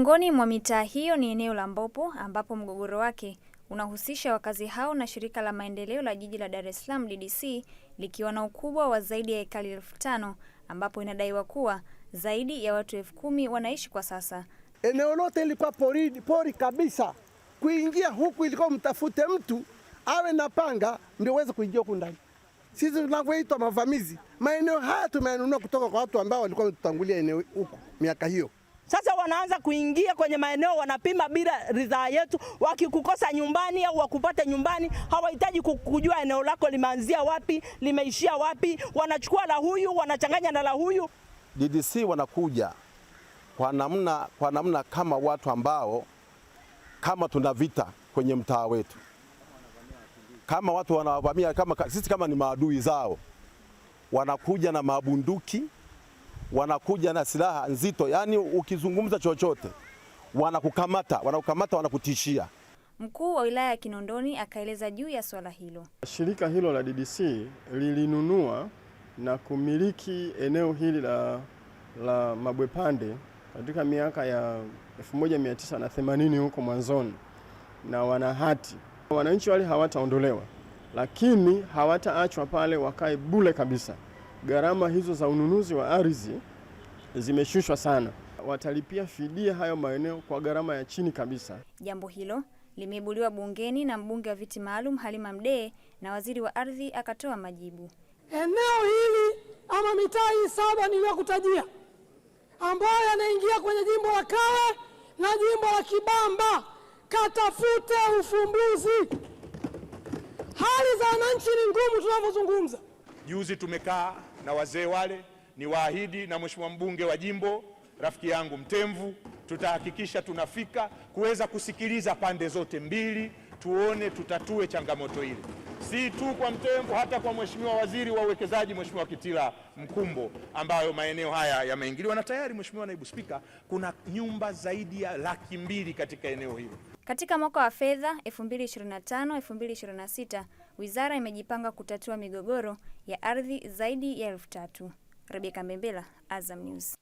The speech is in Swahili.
Miongoni mwa mitaa hiyo ni eneo la Mbopo ambapo mgogoro wake unahusisha wakazi hao na Shirika la Maendeleo la Jiji la Dar es Salaam DDC likiwa na ukubwa wa zaidi ya ekari elfu tano ambapo inadaiwa kuwa zaidi ya watu elfu kumi wanaishi kwa sasa. Eneo lote ilikuwa pori, pori kabisa. Kuingia huku ilikuwa mtafute mtu awe na panga ndio uweze kuingia huku ndani. Sisi tunavyoitwa mavamizi, maeneo haya tumeyanunua kutoka kwa watu ambao walikuwa wametutangulia eneo huku miaka hiyo. Sasa wanaanza kuingia kwenye maeneo wanapima bila ridhaa yetu. Wakikukosa nyumbani au wakupate nyumbani, hawahitaji kujua eneo lako limeanzia wapi, limeishia wapi. Wanachukua la huyu wanachanganya na la huyu. DDC wanakuja kwa namna, kwa namna kama watu ambao kama tuna vita kwenye mtaa wetu, kama watu wanawavamia, kama sisi kama ni maadui zao, wanakuja na mabunduki wanakuja na silaha nzito, yaani ukizungumza chochote wanakukamata, wanakukamata, wanakutishia. Mkuu wa wilaya ya Kinondoni akaeleza juu ya swala hilo. Shirika hilo la DDC lilinunua na kumiliki eneo hili la, la Mabwepande katika miaka ya 1980 huko mwanzoni, na wana hati. Wananchi wale hawataondolewa, lakini hawataachwa pale, wakae bule kabisa gharama hizo za ununuzi wa ardhi zimeshushwa sana, watalipia fidia hayo maeneo kwa gharama ya chini kabisa. Jambo hilo limeibuliwa bungeni na mbunge wa viti maalum Halima Mdee na waziri wa ardhi akatoa majibu. Eneo hili ama mitaa hii saba niliyokutajia ambayo yanaingia kwenye jimbo la Kawe na jimbo la Kibamba, katafute ufumbuzi. Hali za wananchi ni ngumu tunavyozungumza. Juzi tumekaa na wazee wale, ni waahidi na mheshimiwa mbunge wa jimbo rafiki yangu Mtemvu, tutahakikisha tunafika kuweza kusikiliza pande zote mbili, tuone tutatue changamoto ile, si tu kwa Mtemvu, hata kwa mheshimiwa waziri wa uwekezaji, mheshimiwa Kitila Mkumbo, ambayo maeneo haya yameingiliwa na tayari. Mheshimiwa naibu spika, kuna nyumba zaidi ya laki mbili katika eneo hilo. Katika mwaka wa fedha 2025 2026 Wizara imejipanga kutatua migogoro ya ardhi zaidi ya elfu tatu. Rebeka Mbembela, Azam News.